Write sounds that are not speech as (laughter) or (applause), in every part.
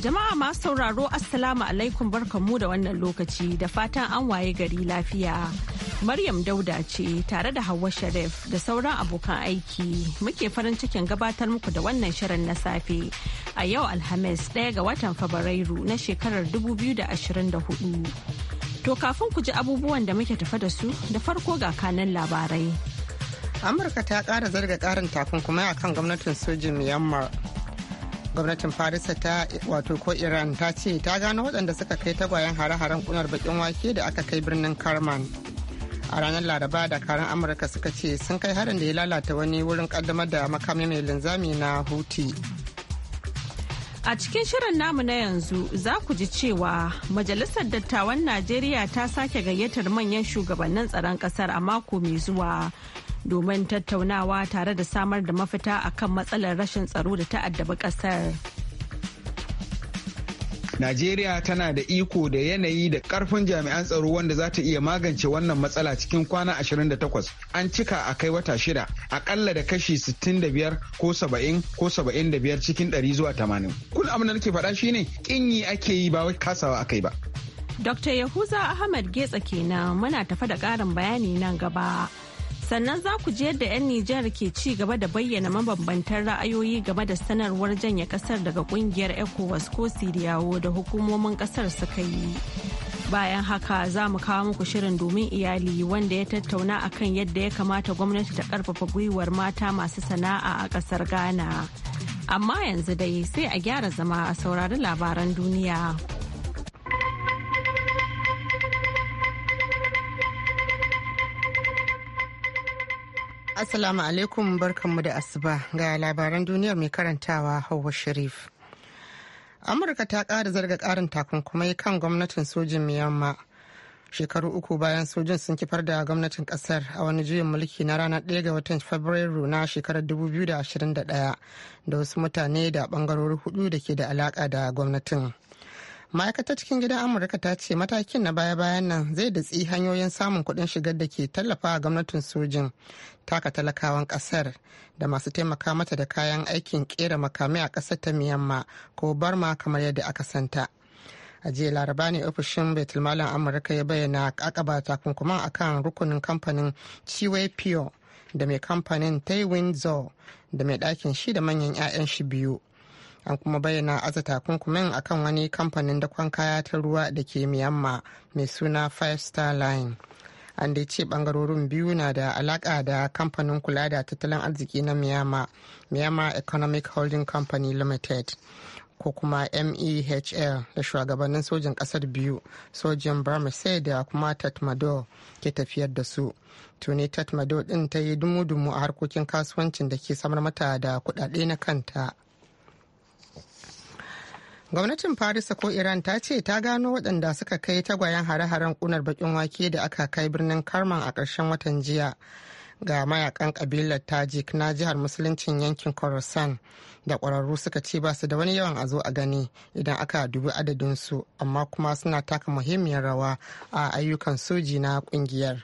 Jama'a masu sauraro Assalamu alaikum barkanmu da wannan lokaci da fatan an waye gari lafiya. Maryam Dauda ce tare da Hauwa Sharif da sauran abokan aiki muke farin cikin gabatar muku da wannan shirin na safe a yau Alhamis ɗaya ga watan Fabrairu na shekarar 2024. To kafin ku ji abubuwan da muke tafa da su da farko ga kanan labarai. Amurka ta ƙara zarga ƙarin takunkumai akan gwamnatin sojin Myanmar. gwamnatin farisa ta wato ko iran ta ce ta gano waɗanda suka kai tagwayen hare-haren kunar bakin wake da aka kai birnin karman a ranar laraba da karan amurka suka ce sun kai harin da ya lalata wani wurin kaddamar da makami mai linzami na huti a cikin shirin namu na yanzu za ku ji cewa majalisar dattawan najeriya ta sake gayyatar manyan shugabannin tsaron kasar a mako mai zuwa domin tattaunawa tare da samar da mafita a kan matsalar rashin tsaro da ta'addaba ƙasar. Najeriya tana da iko da yanayi da karfin jami'an tsaro wanda za ta iya magance wannan matsala cikin kwana 28 an cika a kai wata shida akalla da kashi 65 ko 70 ko 75 cikin 100 zuwa 80. Kun abin da nake faɗa ne kinyi ake yi ba kasawa aka yi ba. Dr. Yahuza Ahmad Getsa kenan muna tafa da ƙarin bayani nan gaba. sannan za ku je yadda 'yan Nijar ke ci gaba da bayyana mabambantan ra'ayoyi game da sanarwar janye kasar daga kungiyar ECOWAS ko Siriyawo da hukumomin kasar suka yi. Bayan haka za mu kawo muku shirin domin iyali wanda ya tattauna a kan yadda ya kamata gwamnati ta karfafa gwiwar mata masu sana'a a kasar Ghana. Amma yanzu dai sai a gyara zama a saurari labaran duniya. Assalamu alaikum barkanmu da asuba ga labaran duniyar mai karantawa Hauwa Sharif. Amurka ta ƙara zarga ƙarin takunkumai kan gwamnatin sojin Myanmar. Shekaru uku bayan sojin sun kifar da gwamnatin ƙasar a wani juyin mulki na ranar 1 ga watan Fabrairu na shekarar 2021 da wasu mutane da ɓangarori hudu da ke da alaƙa da gwamnatin. ma'aikatar cikin gidan amurka ta ce matakin na baya-bayan nan zai datsi hanyoyin samun kuɗin shigar da ke tallafa a gwamnatin sojin taka talakawan ƙasar da masu taimaka mata da kayan aikin ƙera makamai a ƙasar ta miyamma ko barma kamar yadda aka santa a jiya laraba ne ofishin betulmalin amurka ya bayyana akaba takunkuman akan rukunin kamfanin chiwe pure da mai kamfanin taiwin zo da mai ɗakin shi da manyan 'ya'yan shi biyu an kuma bayyana aza takunkumin akan wani kamfanin dakon kaya ta ruwa da ke miyamma mai suna five star line an dai ce bangarorin biyu na da alaka da kamfanin kula da tattalin arziki na miyamma miyamma economic holding company limited ko kuma mehl da shugabannin sojin kasar biyu sojin barmese da kuma tatmado ke tafiyar da su tuni tatmado din ta yi dumu-dumu a harkokin kasuwancin da ke samar mata da kudade na kanta gwamnatin farisa ko iran ta ce ta gano waɗanda suka kai tagwayen hare-haren kunar bakin wake da aka kai birnin karman a ƙarshen watan jiya ga mayakan ƙabilar tajik na jihar musuluncin yankin khorasan da ƙwararru suka ce ba su da wani yawan a zo a gani idan aka dubi adadinsu amma kuma suna taka muhimmiyar rawa a ayyukan soji na ƙungiyar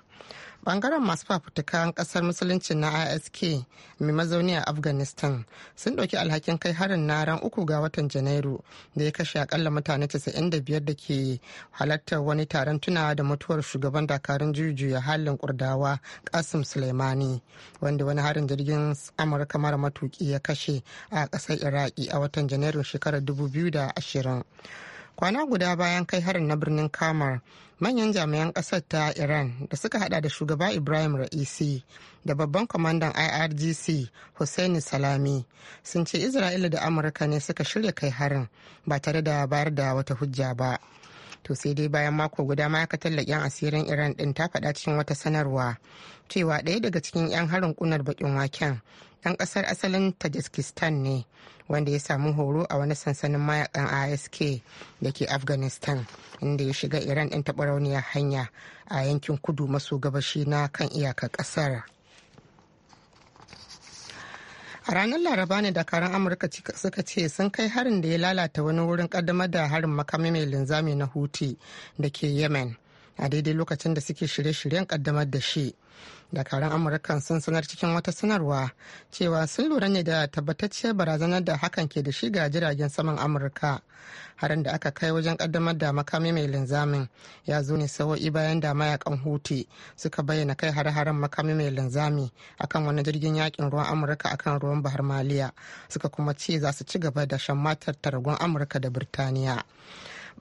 bangaren masu fafutukan kasar musulunci na isk mai mazauni a afghanistan sun ɗauki alhakin kai harin na ran uku ga watan janairu da ya kashe akalla mutane 95 da ke halartar wani taron tunawa da mutuwar shugaban dakarun jujuya halin kurdawa kasim suleimani wanda wani harin jirgin amurka mara matuki ya kashe a ƙasar iraki a watan janairun shekarar 2020 kwana guda bayan kai harin na birnin kamar manyan jami'an kasar ta iran da suka hada da shugaba ibrahim ra'isi da babban kwamandan irgc hussaini salami sun ce isra'ila da amurka ne suka shirya kai harin ba tare da bayar da wata hujja ba to sai dai bayan mako guda ma'aikatar yan asirin iran ɗin ta fada cikin wata sanarwa cewa ɗaya daga cikin 'yan harin kunar bakin waken ɗan ƙasar asalin tajikistan ne wanda ya samu horo a wani sansanin mayakan isk da ke afghanistan inda ya shiga iran ɗin taɓarauniyar hanya a yankin kudu maso gabashi na kan iyakar ƙasar a ranar laraba ne dakaran amurka suka ce sun kai harin da ya lalata wani wurin kaddamar da harin makami mai linzami na huti da ke yemen a daidai lokacin da suke shirye-shiryen kaddamar da shi dakarun amurkan sun sanar cikin wata sanarwa cewa sun lura ne da tabbatacciyar barazanar da hakan ke da shi ga jiragen saman amurka harin da aka kai wajen kaddamar da makami mai linzamin ya zo ne sawo'i bayan da mayakan huti suka bayyana kai har haren makami mai linzami akan wani jirgin yakin ruwan amurka akan ruwan bahar maliya suka kuma ce za su ci gaba da shan matar taragon amurka da birtaniya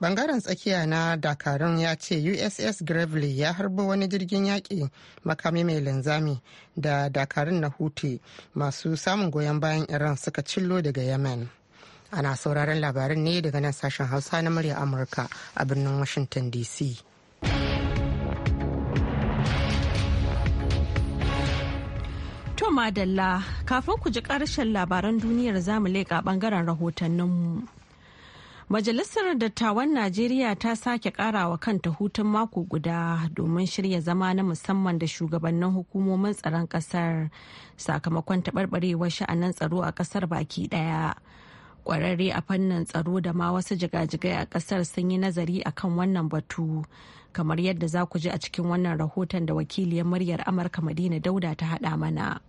bangaren tsakiya na dakarun ya ce uss gravely ya harbo wani jirgin yaƙi makami mai linzami da dakarun na huti masu samun goyon bayan iran suka cillo daga yemen ana sauraron labarin ne daga nan sashen hausa na murya amurka a birnin washington dc To madalla kafin ku ji ƙarshen labaran duniyar zamu leƙa ɓangaren rahotanninmu. Majalisar Dattawan Najeriya ta sake karawa kanta hutun mako guda domin shirya zama na musamman da shugabannin hukumomin tsaron kasar sakamakon taɓarɓarewar sha'anin tsaro a kasar baki ɗaya. Ƙwararre a fannin tsaro da ma wasu jigajigai a kasar sun yi nazari akan wannan batu kamar yadda za ku ji a cikin wannan rahoton da wakiliyar muryar Amurka Madina Dauda ta haɗa mana.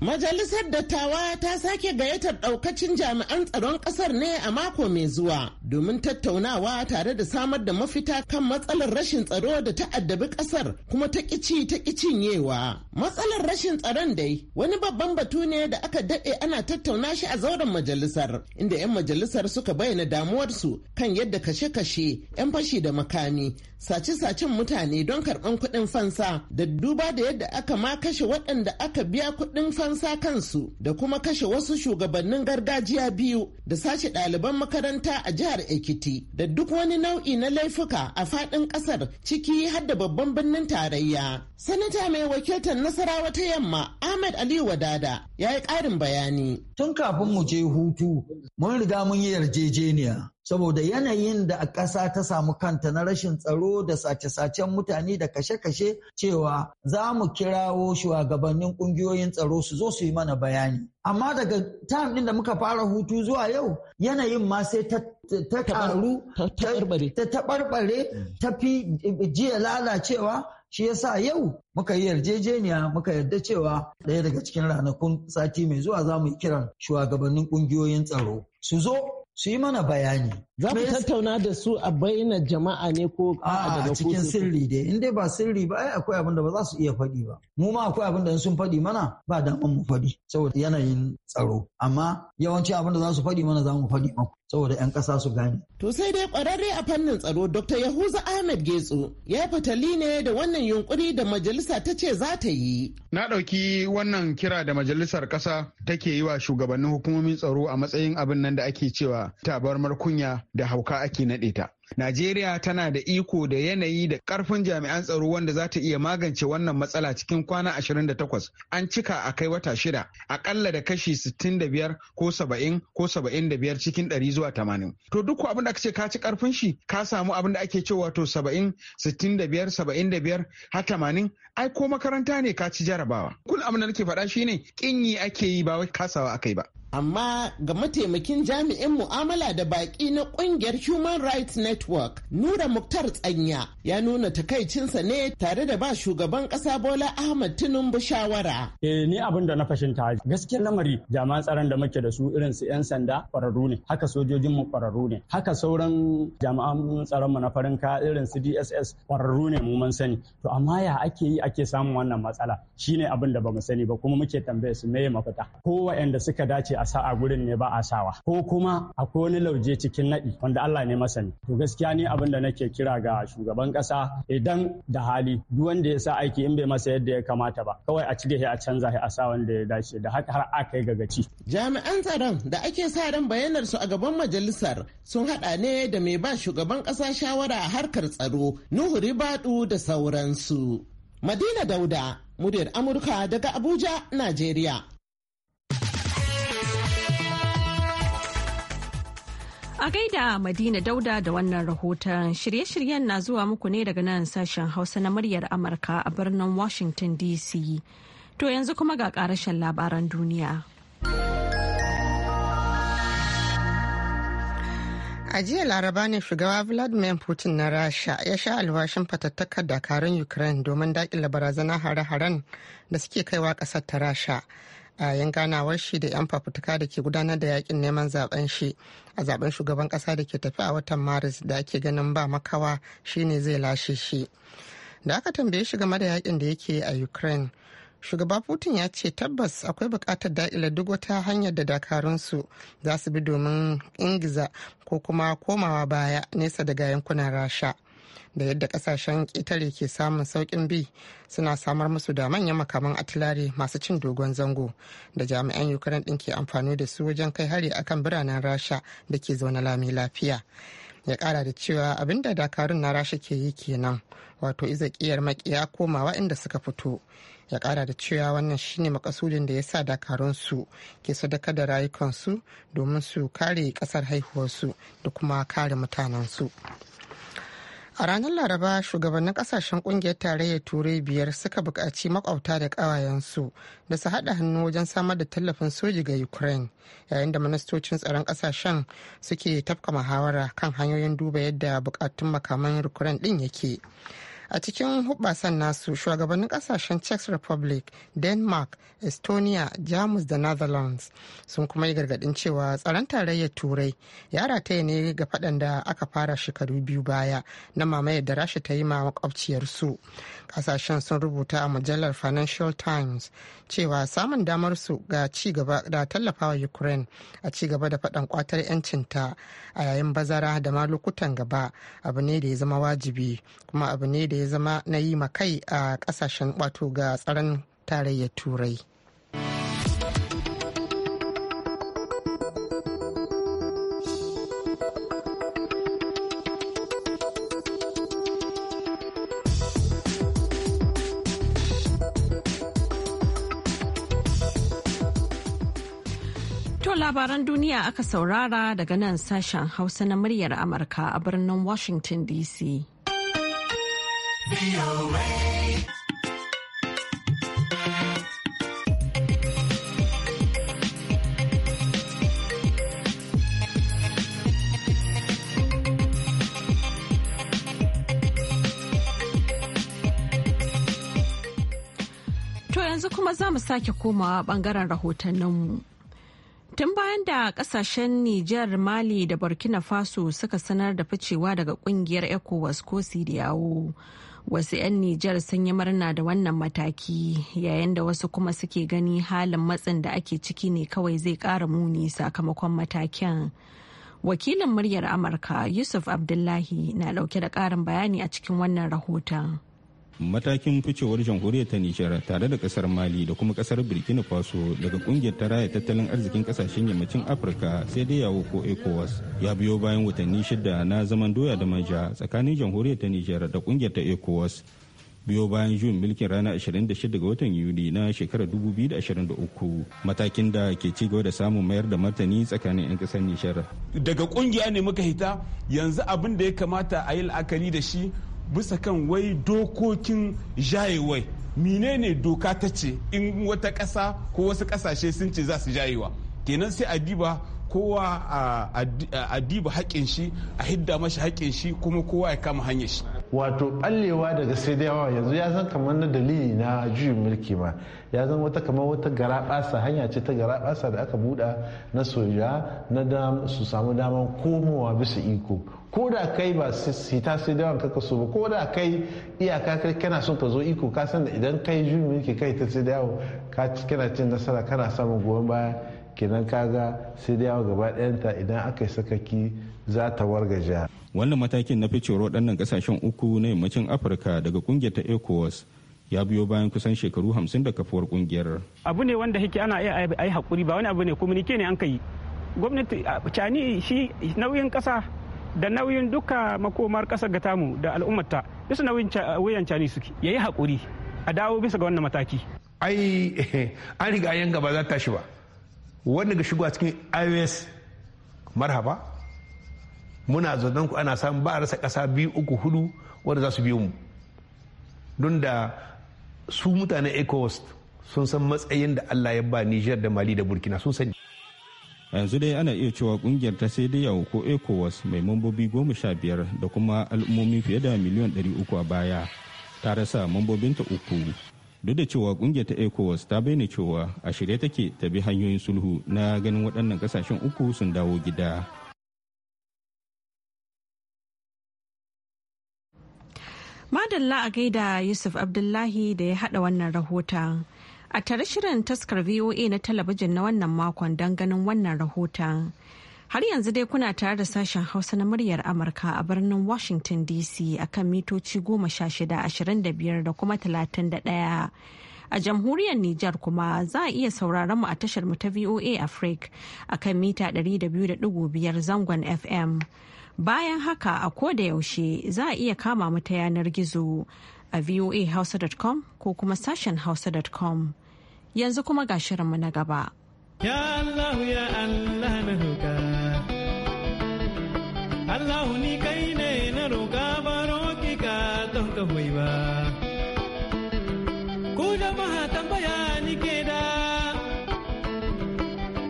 Majalisar Dattawa ta sake gayyatar ɗaukacin jami'an tsaron ƙasar ne a mako mai zuwa domin tattaunawa tare da samar da mafita kan matsalar rashin tsaro da ta'addabi ƙasar kuma ta ƙici ta cinyewa. Matsalar rashin tsaron dai wani babban batu ne da aka daɗe ana tattauna shi a zauren majalisar inda 'yan majalisar suka bayyana damuwarsu kan yadda kashe-kashe 'yan fashi da makami sace-sacen mutane don karɓan kuɗin fansa da duba da yadda aka ma kashe waɗanda aka biya kuɗin fansa fansa kansu da kuma kashe wasu shugabannin gargajiya biyu da sace ɗaliban makaranta a jihar Ekiti da duk wani nau'i na laifuka a faɗin ƙasar ciki har da babban birnin tarayya. Sanata mai wakiltar Nasarawa ta Yamma Ahmed Ali Wadada ya yi ƙarin bayani. Tun kafin mu je hutu mun riga mun yi yarjejeniya saboda yanayin da a ƙasa ta samu kanta na rashin tsaro da sace-sacen mutane da kashe-kashe cewa za mu kirawo shugabannin ƙungiyoyin tsaro su zo su yi mana bayani. Amma daga tam ɗin da muka fara hutu zuwa yau yanayin ma sai ta ta ta taɓarɓare mm. ta fi jiya lalacewa shi yasa yau muka yi yarjejeniya muka yarda cewa ɗaya daga cikin ranakun sati mai zuwa za mu yi kiran shugabannin ƙungiyoyin tsaro su zo su yi mana bayani. Za mu tattauna da su a bayyana jama'a ne ko a daga cikin sirri dai in dai ba sirri ba ai akwai abin da ba za su iya faɗi ba. Mu ma akwai abin da sun faɗi mana ba damar mu faɗi saboda yanayin tsaro amma yawanci abin da za su faɗi mana za mu faɗi maku. saboda 'yan ƙasa su gane. To sai dai ƙwararre a fannin tsaro Dr. Yahuza Ahmed Getsu ya fatali ne da wannan yunkuri da majalisa ta ce za ta yi. Na ɗauki wannan kira da majalisar ƙasa take yi wa shugabannin hukumomin tsaro a matsayin abin nan da ake cewa tabarmar kunya da hauka ake naɗe ta. Najeriya tana da iko da yanayi da karfin jami'an tsaro wanda za ta iya magance wannan matsala cikin kwana 28 an cika a kai wata shida akalla da kashi 65 ko 70 ko 75 cikin 100 zuwa 80. To duk abin da ka ce ka ci karfin shi ka samu abin da ake cewa to 70 65 75 har 80 ai ko makaranta ne ka ci jarabawa. Kul abin da nake faɗa shine kinyi ake yi ba wai kasawa akai ba. amma ga mataimakin jami'in mu'amala da baƙi na ƙungiyar human rights network nura muktar tsanya ya nuna takaicinsa ne tare da ba shugaban ƙasa bola ahmad tinubu shawara eh ni abin da na fashinta gaskiyar lamari jami'an tsaron da muke da su irin su 'yan sanda kwararru ne haka sojojin mu kwararru ne haka sauran jami'an tsaron mu na farin ka irin su dss kwararru ne mu mun sani to amma ya ake yi ake samun wannan matsala shine abin da ba mu sani ba kuma muke tambaye su me mafita ko waɗanda suka dace a sa a gurin ne ba a sawa ko kuma akwai wani lauje cikin naɗi wanda Allah ne masani to gaskiya ni abin da nake kira ga shugaban ƙasa idan da hali duk wanda ya sa aiki in bai masa yadda ya kamata ba kawai a cige shi a canza shi a sa wanda ya dace da haka har aka yi gagaci jami'an tsaron da ake sa ran bayanar su a gaban majalisar sun hada ne da mai ba shugaban ƙasa shawara a harkar tsaro Nuhu Ribadu da sauransu Madina Dauda, muryar Amurka daga Abuja, Najeriya. A gaida Madina Dauda da wannan rahoton shirye-shiryen na zuwa muku ne daga nan sashen Hausa na muryar Amurka a birnin Washington DC. To yanzu kuma ga karashen labaran duniya. A jiya laraba ne shugaba Vladimir Putin na Rasha ya sha alwashin fatattakar dakarun Ukraine domin daƙile barazana hare-haren da suke kaiwa ƙasar ta Rasha. a yan ganawar shi da 'yan fafutuka da ke gudanar da yakin neman zaben shi a zaben shugaban kasa da ke tafi a watan maris da ake ganin ba makawa shine zai lashe shi da aka tambaye shi game da yakin da yake a ukraine shugaba putin ya ce tabbas akwai bukatar da'ila duk wata hanyar da dakarunsu za su bi domin ingiza ko kuma komawa baya nesa daga yankunan rasha da yadda kasashen ƙetare ke samun saukin bi suna samar musu da manyan makaman atilare masu cin dogon zango da jami'an ukraine din ke amfani da su wajen kai hari akan biranen rasha da ke zaune lami lafiya ya kara da cewa abinda dakarun na rasha ke yi kenan wato izakiyar makiya komawa inda suka fito ya kara da cewa wannan shine makasudin da ya sa dakarun su ke sadaka da rayukansu domin su kare kasar haihuwarsu da kuma kare mutanensu. su A ranar Laraba shugabannin kasashen kungiyar tarayyar turai biyar suka bukaci makwabta da ƙawayensu da su haɗa hannu wajen samar da tallafin soji ga Ukraine yayin da ministocin tsaron kasashen suke tafka muhawara kan hanyoyin duba yadda bukatun makaman Ukraine ɗin yake. a cikin hubasan nasu shugabannin kasashen czech republic denmark estonia jamus da netherlands sun kuma yi gargadin cewa tsaron tarayyar turai ya rataya ne ga faɗan da aka fara shekaru biyu baya na mamayar da rasha ta yi ma makwabciyarsu kasashen sun rubuta a mujallar financial times cewa samun damar su ga ci gaba da tallafawa ukraine a ci gaba da faɗan kwatar 'yancinta a yayin bazara da ma lokutan gaba abu ne da ya zama wajibi kuma abu ne da da ya zama na yi ma kai a kasashen wato ga tsaron tarayyar turai labaran duniya aka saurara daga nan sashen hausa na muryar amurka a birnin washington dc yanzu kuma za mu sake komawa bangaren rahotanninmu. Tun bayan da kasashen Nijar, Mali da Burkina Faso suka sanar da ficewa daga kungiyar ECOWAS ko Sidiyawo, wasu 'yan Nijar sun yi murna da wannan mataki yayin da wasu kuma suke gani halin matsin da ake ciki ne kawai zai ƙara muni sakamakon matakin. Wakilin muryar Amurka Yusuf Abdullahi na ɗauke da ƙarin bayani a cikin wannan rahoton. matakin ficewar jamhuriyar ta nijar tare da kasar mali da kuma kasar burkina faso daga kungiyar ta raya tattalin arzikin kasashen yammacin afirka sai dai yawo ko ecowas ya biyo bayan watanni shida na zaman doya da manja tsakanin jamhuriyar ta nijar da kungiyar ta ecowas biyo bayan juyin mulkin ranar 26 ga watan yuni na shekarar 2023 matakin da ke ci gaba da samun mayar da martani tsakanin 'yan kasar nijar daga kungiya ne muka hita yanzu abin da ya kamata a yi la'akari da shi bisa kan wai dokokin jayewai menene doka ta ce in wata ƙasa ko wasu ƙasashe sun ce za su jayewa kenan sai a diba kowa a diba haƙin shi a hidda mashi haƙin shi kuma kowa ya kama hanyar shi wato ɓallewa daga sai da yawa yanzu ya zan kamar na dalili na juyin mulki ma ya zan wata kamar wata garaɓasa hanya ce ta garaɓasa da aka buɗa na soja na su samu daman komowa bisa iko ko da kai ba sita sai da wanka ka so ba ko da kai iyaka kai kana son ka zo iko ka san da idan kai juyin mulki kai ta sai da yawo ka kana cin nasara kana samun goyon ba kenan kaga sai da yawo gaba ɗayanta idan aka yi sakaki za ta wargaja. wannan matakin na ficewar waɗannan ƙasashen uku na yammacin afirka daga ƙungiyar ta ecowas ya biyo bayan kusan shekaru hamsin da kafuwar kungiyar. abu ne wanda yake ana iya ai hakuri ba wani abu ne ke ne an kai gwamnati cani shi nauyin kasa da nauyin duka makomar kasar ga tamu da al'ummata bisa nauyin wuyan cani suke ya yi haƙuri a dawo bisa ga wannan mataki ai (laughs) an riga yan gaba za ta shi ba wanda ga shigo a cikin ios marhaba muna zaton ku ana samun ba a rasa kasa biyu uku hudu wanda za su biyo mu don da su mutanen ecowas sun san matsayin da allah ya ba niger da mali da burkina sun sani a yanzu dai ana iya cewa kungiyar ta sai da yawo ko ecowas mai mambobi goma sha biyar da kuma al'ummomi fiye da miliyan ɗari uku a baya ta rasa mambobinta uku duk da cewa kungiyar ta ecowas ta bayyana cewa a shirye take ta bi hanyoyin sulhu na ganin waɗannan kasashen uku sun dawo gida madalla a gaida yusuf abdullahi da ya haɗa wannan rahoton A tare shirin taskar VOA na talabijin na wannan makon don ganin wannan rahoton. Har yanzu dai kuna tare da sashen Hausa na muryar Amurka a birnin Washington DC a kan mitoci goma sha shida ashirin da biyar da kuma talatin ɗaya. A jamhuriyar Nijar kuma za a iya sauraron mu a tashar mu ta VOA Africa kan mita ɗari da da zangon FM. Bayan haka a ko da yaushe za a iya kama mu ta yanar gizo a voahausa.com ko kuma sashen hausa.com. yanzu kuma ga shirinmu na gaba. Ya Allah ya Allah na roƙa. Allah ni kai ne na roƙa ba roƙi ka don ka ba. Ku jama'a tambaya ni ke da.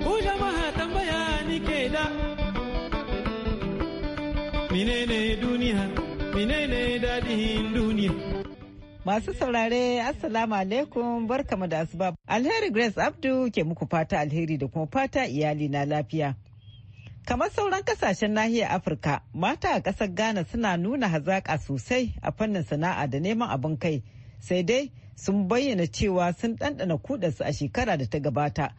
Ku jama'a tambaya ni ke da. Mine ne duniya? mine ne dadihin duniya? Masu saurare Assalamu alaikum barkamu da asuba. Alheri Grace Abdu ke muku fata alheri da kuma fata iyali na lafiya. Kamar sauran kasashen nahiyar Afirka, mata a ƙasar Ghana suna nuna hazaƙa sosai a fannin sana'a da neman abin kai. Sai dai sun bayyana cewa sun ɗanɗana kudansu a shekara da ta gabata.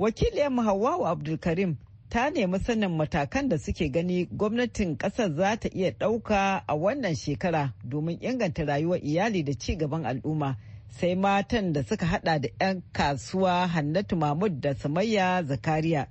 Wakiliyar Hawwa Abdulkarim ta nemi sanin matakan da suke gani gwamnatin kasar za ta iya ɗauka a wannan shekara domin inganta rayuwar iyali da ci gaban al'umma sai matan da suka hada da 'yan kasuwa hannatu mahmud da samayya zakariya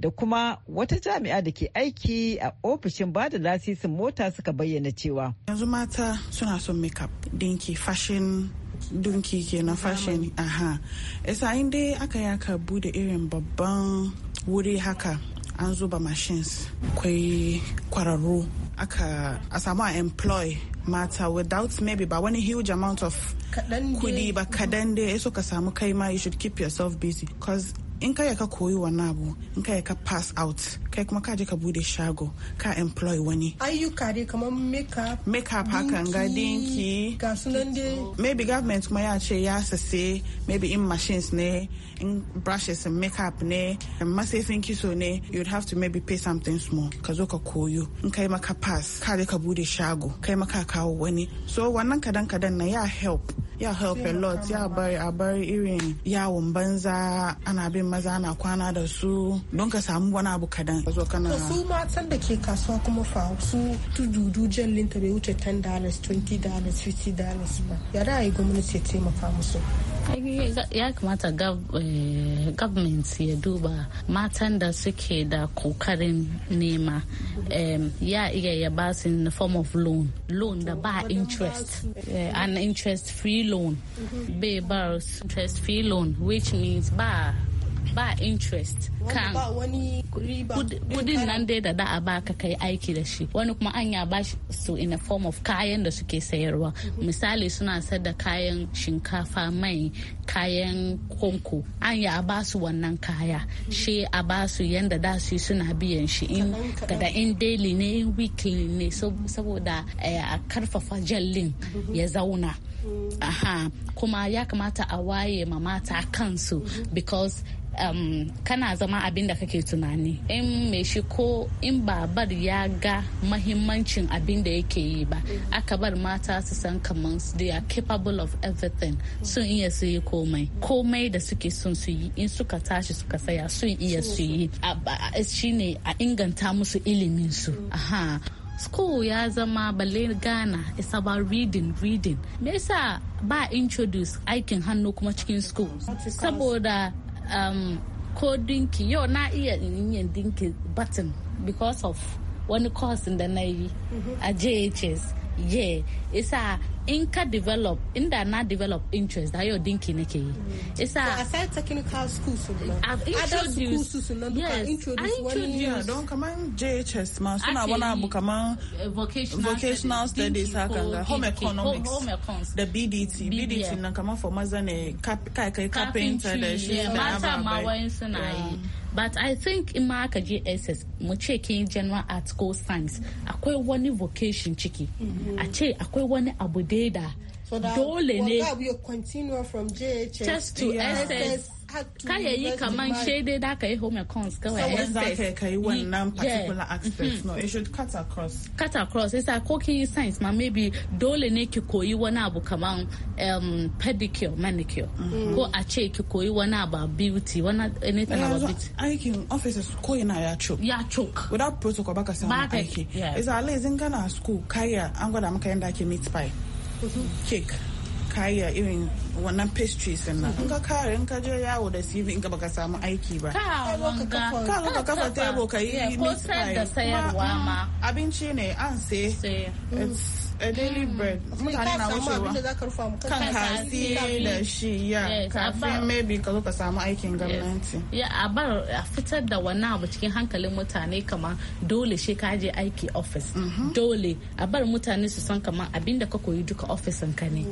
da kuma wata jami'a da ke aiki a ofishin ba da lasisin mota suka bayyana cewa yanzu mata suna son makeup dinki fashin dunki kenan fashin aha isa dai aka yaka bude irin babban wuri haka an zuba machines akwai kwararru aka a samu a employ mata without maybe ba wani huge amount of kudi ba kadan dai so ka samu kai ma you should keep yourself busy because in kai ka koyi wani abu in kai ka pass out kai kuma ka je ka bude shago ka employ wani ayyuka dai kamar makeup makeup hakan ga dinki ga sunan dai maybe government kuma ya ce ya sase maybe in machines ne in brushes and makeup ne masifin kiso ne you'd have to maybe pay something small ka zo ka koyo in kai maka pass ka je ka bude shago kai maka kawo wani so wannan kadan kadan na ya help ya help a lot ya bari a bari irin yawon banza ana bin maza ana kwana da su don ka samu wani abu kadan zo kana su matan da ke kasuwa kuma fa su tududu jallin ta bai wuce 10 dollars 20 dollars 50 dollars ba ya ra'ayi gwamnati ya taimaka musu ya kamata eh, government ya duba matan da suke da kokarin nema ya iya ya su in the form of loan loan da ba interest eh, an interest free loan be ba interest fee loan which means ba ba interest kan kudin nan dai da da a baka kai aiki da shi wani kuma an ya ba su in a form of kayan da suke sayarwa misali suna sayar da kayan shinkafa mai kayan konko an ya ba su wannan kaya shi a ba su yanda da su suna biyan shi in kada in daily ne weekly ne saboda eh, a karfafa jallin ya zauna aha kuma ya kamata a waye ma mata kansu because um, kana zama abin da kake tunani in mai shi ko in babar ya ga mahimmancin abin da yake yi ba aka bar mata su san kamar they are capable of everything sun iya su yi komai komai da suke son su yi in suka tashi suka saya sun iya su yi shine a inganta musu ilimin su aha school ya zama balle Ghana is about reading reading me yasa ba introduce aikin hannu kuma cikin school saboda um, ko dinki yau na iya yin dinki button because of wani course da na yi mm-hmm. a JHS yeah isa in ka develop inda na develop interest da yau dinki nake yi mm. isa so aside technical school su na adult school su na duka yes, introduce wani don kaman JHS ma suna wani abu kaman vocational studies hakan ga home economics da BDT BDT nan kaman for maza ne kai kai carpenter da shi da mata ma wayan suna yi but i think in ma aka je ss mu ce kin general art ko science akwai wani vocation ciki mm-hmm. a ce akwai wani abu da dole ne just to ss ka yi kaman shaidai da ka yi home accounts kawai so za ka ka yi wannan particular mm-hmm. aspect no it should cut across cut across isa ko kin yi science ma maybe dole ne ki koyi wani abu kaman um, pedicure manicure mm-hmm. ko a ce ki koyi wani abu beauty wani anything about beauty aikin offices ko yana ya choke ya choke without protocol baka samu aiki isa alai gana kana school kaya an gwada maka yanda ake meat pie mm-hmm. cake Kaya irin wannan pastries din nan in ka kare in ka je yawo da CV in ka baka samu aiki ba ka ka kafa tebo ka yi mix pie abinci ne an sai daily hmm. bread mutane na wucewa kan kasi da shi ya kafin maybe ka zo ka samu aikin gwamnati ya a bar a fitar da wani abu cikin hankalin mutane kamar dole shi ka je aiki office mhm. dole a bar mutane su san kamar abinda ka koyi duka ofisin ka ne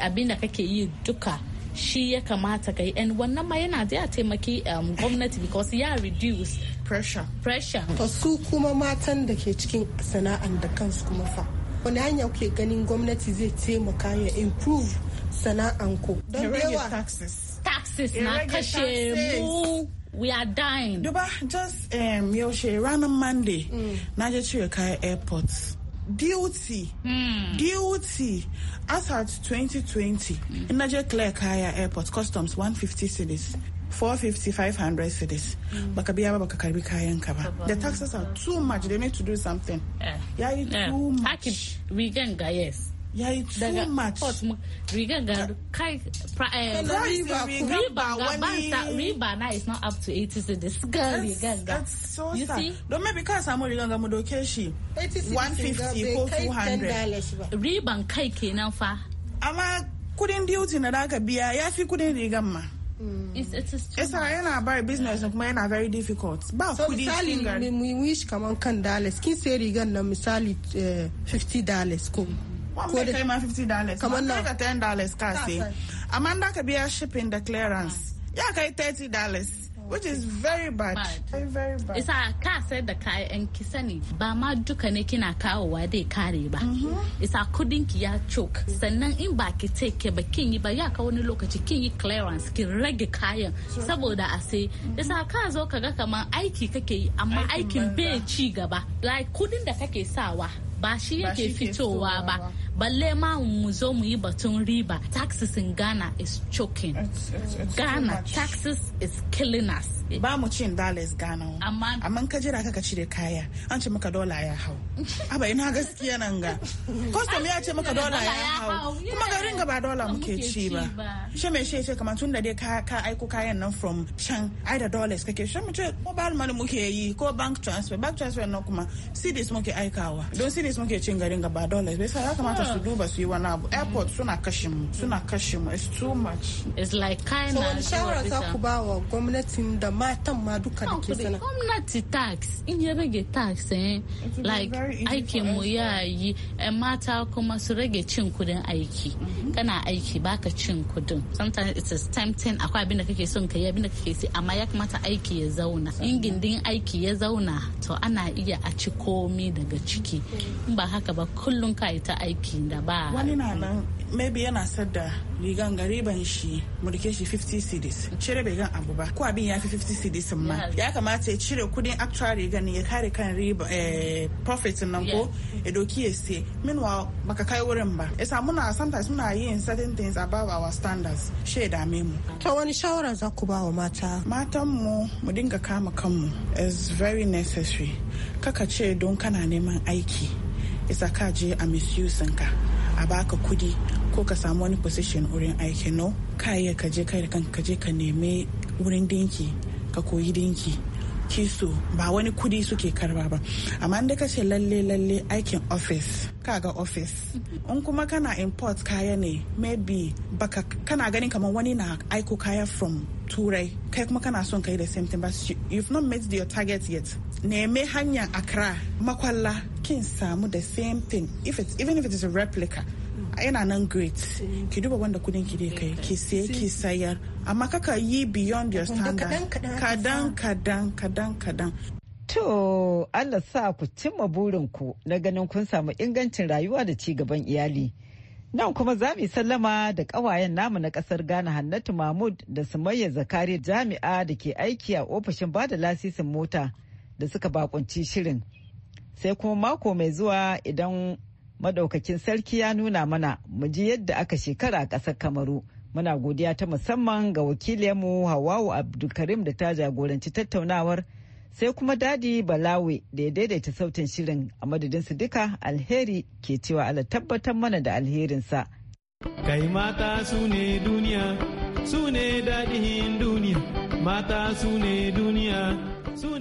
abinda kake yi duka shi ya kamata ka yi and wannan ma yana da ya taimaki um, gwamnati because ya reduce pressure pressure to su kuma matan da ke cikin sana'an da kansu kuma fa wani hanya kuke ganin gwamnati zai taimaka ya improve sana'anku don yawa taxes taxes na kashe mu we are dying duba just um, yaushe ranar monday mm. na je cire kayan airport duty mm. duty as at 2020 mm. na clear kaya airport customs 150 cities 450 cities mm. baka biya ba baka karbi kayan ka ba the taxes are too much they need to do something eh. Yeah, yayi eh. too much weekend ga yes Yeah, it's too much riga ga kai eh, riba na is not up to 80 cities ga that's so you sad see? don maybe ka samu riga ga mu doke shi 150 ko 200 riban kai kenan fa amma kudin duty na da aka biya ya fi kudin rigan ma Mm. It's, it's a Esa yana bar business kuma yana very difficult. Ba so kudi misali mu wish kaman kan dollars kin sai rigan nan misali 50 eh, dollars ko. Ko da kai ma 50 dollars. Kaman na ka 10 dollars ka sai. Amma da ka biya shipping da clearance. Ya kai 30 dollars. which is very bad, very very bad isa ka sayar da kayan ki sani ba ma duka ne kina kawowa dai kare ba mm-hmm. isa kudin ki ya choke sannan in ba ki take ba kin yi ba ya ka wani lokaci kin yi clearance ki rage kayan saboda a sai mm-hmm. isa ka zo ka ga kaman aiki kake yi amma aikin bai ci gaba like kudin da kake sawa ba shi yake fitowa ba balle ma mu zo mu yi batun riba taxes in ghana is choking ghana taxes is killing us ba mu cin dollars ghana amma amma ka jira ka cire kaya an ce maka dola ya hau (laughs) aba ina gaskiya nan ga custom ya ce maka dola ya hau kuma garin ga ba dola muke ci ba she me she ce kamar tunda dai ka ka aiko kayan nan from shan ai da dollars kake she mu ce mobile money muke yi ko bank transfer bank transfer nan kuma cedis muke aikawa don cedis fees muke cin garin gaba dollars bai sa ya kamata su ah. duba su yi wani abu airport suna kashe mu suna kashe mu it's too much it's like kind so shawara ta ku ba wa gwamnatin da matan ma duka da ke sana gwamnati tax in ya rage tax eh like aikin mu ya yi eh, mata kuma su rage cin kudin aiki mm-hmm. kana aiki baka cin kudin sometimes it is tempting akwai abin da kake son kai abin da kake si amma ya kamata aiki ya zauna in gindin aiki ya zauna to ana iya a ci komi daga ciki in ba haka ba kullum ka ita aiki da ba wani na nan maybe yana sadda rigan gariban shi murke shi 50 cedis cire bai gan abu ba ko abin ya fi 50 cedis ma ya kamata ya cire kudin actual rigan ya kare kan riba eh, profit nan ko ya doki ya sai meanwhile baka kai wurin ba yasa muna sometimes muna yin certain things above our standards she dame mu ta wani shawara za ku ba wa mata matan mu mu dinga kama kanmu is very necessary kaka ce don kana neman aiki isa ka je a misusin ka a baka kudi ko ka samu wani position wurin aiki no ka iya ka je kai da kanka ka je ka nemi wurin dinki ka koyi dinki kiso ba wani kudi suke karba ba amma inda ka ce lalle lalle aikin office kaga office in kuma kana import kaya ne maybe baka kana ganin kamar wani na aiko kaya from turai kai kuma kana son kai da same thing but you've not met your target yet neme hanyar accra makwalla kin samu the same thing if it's, even if it is a replica yana nan great ki duba wanda kudin ki dai kai ki sai ki sayar amma kaka yi beyond your standard kadan kadan kadan kadan to Allah sa ku cimma burin ku na ganin kun samu ingancin rayuwa da ci gaban iyali Nan kuma za mu sallama da kawayen namu na kasar Ghana Hannatu Mahmud da Sumayya Zakari jami'a da ke aiki a ofishin bada lasisin mota da suka bakunci shirin. sai kuma mako mai zuwa idan madaukakin sarki ya nuna mana mu ji yadda aka shekara a ƙasar kamaru muna godiya ta musamman ga wakiliyarmu hawawu abdulkarim da ta jagoranci tattaunawar sai kuma dadi balawe da ya daidaita sautin shirin a madadinsu duka alheri ke cewa ala tabbatar mana da alherinsa kai mata su ne duniya su ne dadihin duniya mata su ne duniya su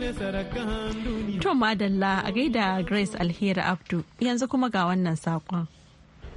To madalla a gaida Grace Alheri Abdu yanzu kuma ga wannan saƙon.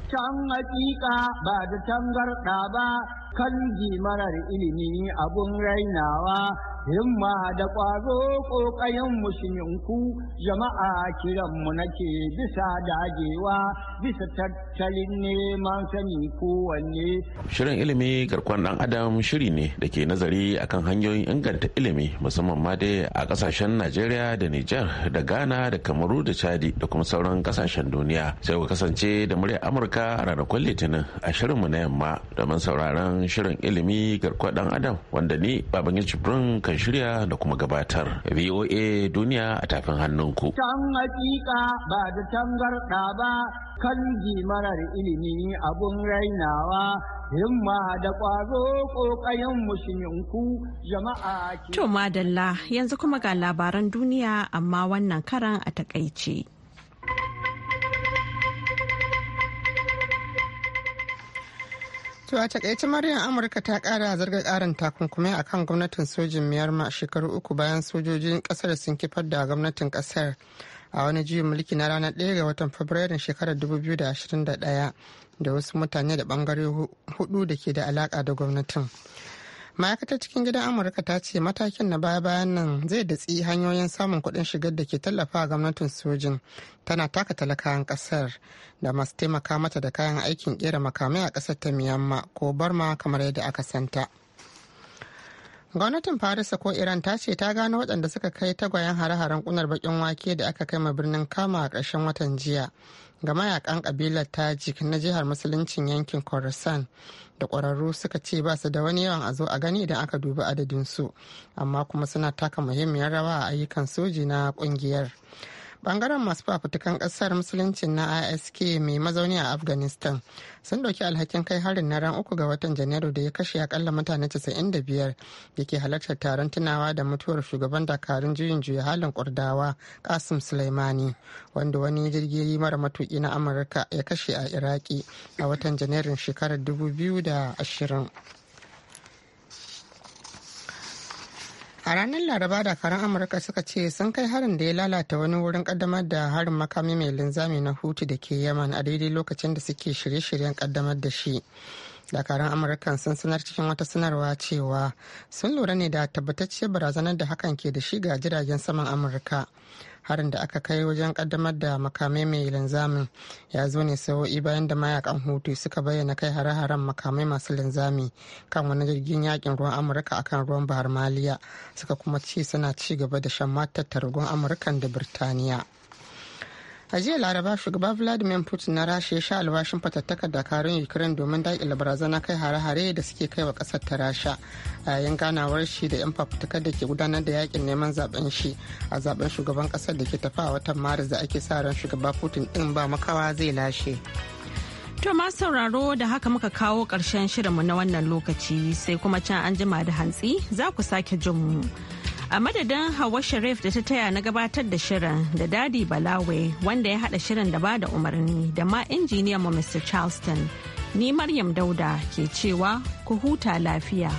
Can hakika ba da tangarɗa ba kalji marar ilimi abun rainawa himma da ƙwazo ƙoƙayen musulunku jama'a kiranmu nake bisa dagewa bisa tattalin neman sani kowanne. Shirin ilimi garkon ɗan adam shiri ne da ke nazari akan hanyoyin inganta ilimi musamman ma dai a ƙasashen Najeriya da Nijar da Ghana da Kamaru da Chadi da kuma sauran ƙasashen duniya. Sai ku kasance da muryar Amurka a ranakun Litinin a shirin mu na yamma domin sauraron cikin shirin ilimi garkuwa dan adam wanda ni baban jibrin kan shirya da kuma gabatar voa duniya a tafin hannunku can hakika ba da tangarda ba kan marar ilimi abun rainawa himma da ƙwazo kokayen mushinku jama'a to madalla yanzu kuma ga labaran duniya amma wannan karan a takaice. To a takaice Maryam Amurka ta kara zargar karin takunkumai akan gwamnatin sojin Myanmar shekaru uku bayan sojojin kasar sun kifar da gwamnatin kasar a wani juyin mulki na ranar 1 ga watan Fabrairun shekarar 2021 da wasu mutane da bangare hudu da ke da alaka da gwamnatin. ma'aikatar cikin gidan amurka ta ce matakin na baya bayan nan zai datsi hanyoyin samun kuɗin shigar da ke tallafa gwamnatin sojin tana taka talakawan kasar da masu taimaka mata da kayan aikin kera makamai a ƙasar ta miyamma ko barma kamar yadda aka santa gwamnatin farisa ko iran ta ce ta gano waɗanda suka kai tagwayen hare-haren kunar bakin wake da aka kai ma birnin kama a ƙarshen watan jiya ga mayakan kabilar tajik na jihar musuluncin yankin khorasan da ƙwararru suka ce ba su da wani yawan a zo a gani idan aka dubi adadinsu amma kuma suna taka muhimmiyar rawa a ayyukan soji na kungiyar bangaren masu fafutukan kasar musuluncin na isk mai mazauni a afghanistan sun dauki alhakin kai harin na ran uku ga watan janairu da ya kashe akalla mutane 95 da ke halartar taron tunawa da mutuwar shugaban dakarun juyin juya halin kurdawa kasim sulaimani wanda wani jirgi mara matuki na amurka ya kashe a iraki a watan janairun shekarar 2020 A ranar Laraba dakarun Amurka suka ce sun kai harin da ya lalata wani wurin kaddamar da harin makami mai linzami na Hutu da ke Yaman a daidai lokacin da suke shirye-shiryen kaddamar da shi. dakaran amurkan sun sanar cikin wata sanarwa cewa sun lura ne da tabbatacciyar barazanar da hakan ke da shi ga jiragen saman amurka harin da aka kai wajen kaddamar da makamai mai linzamin ya zo ne sa'o'i bayan da mayakan hutu suka bayyana kai hare-haren makamai masu linzami kan wani jirgin yakin ruwan amurka akan ruwan bahar maliya suka kuma ce suna ci gaba da shan matattar ruwan amurkan da birtaniya a jiya laraba shugaba vladimir putin na rasha ya sha albashin fatattakar dakarun ukraine domin daƙile barazana kai hare-hare da suke kai wa ƙasar ta rasha a yayin ganawar shi da 'yan fafutukar da ke gudanar da yakin neman zaben shi a zaben shugaban ƙasar da ke tafa a watan maris da ake sa ran shugaba putin din ba makawa zai lashe To masu sauraro da haka muka kawo ƙarshen shirinmu na wannan lokaci sai kuma can an jima da hantsi za ku sake jin mu. A madadin Hawa Sharif da ta taya na gabatar da shirin da Dadi Balawe wanda ya haɗa shirin da ba da umarni da ma injiniyan mu Mr. Charleston. Ni Maryam Dauda ke cewa ku huta lafiya.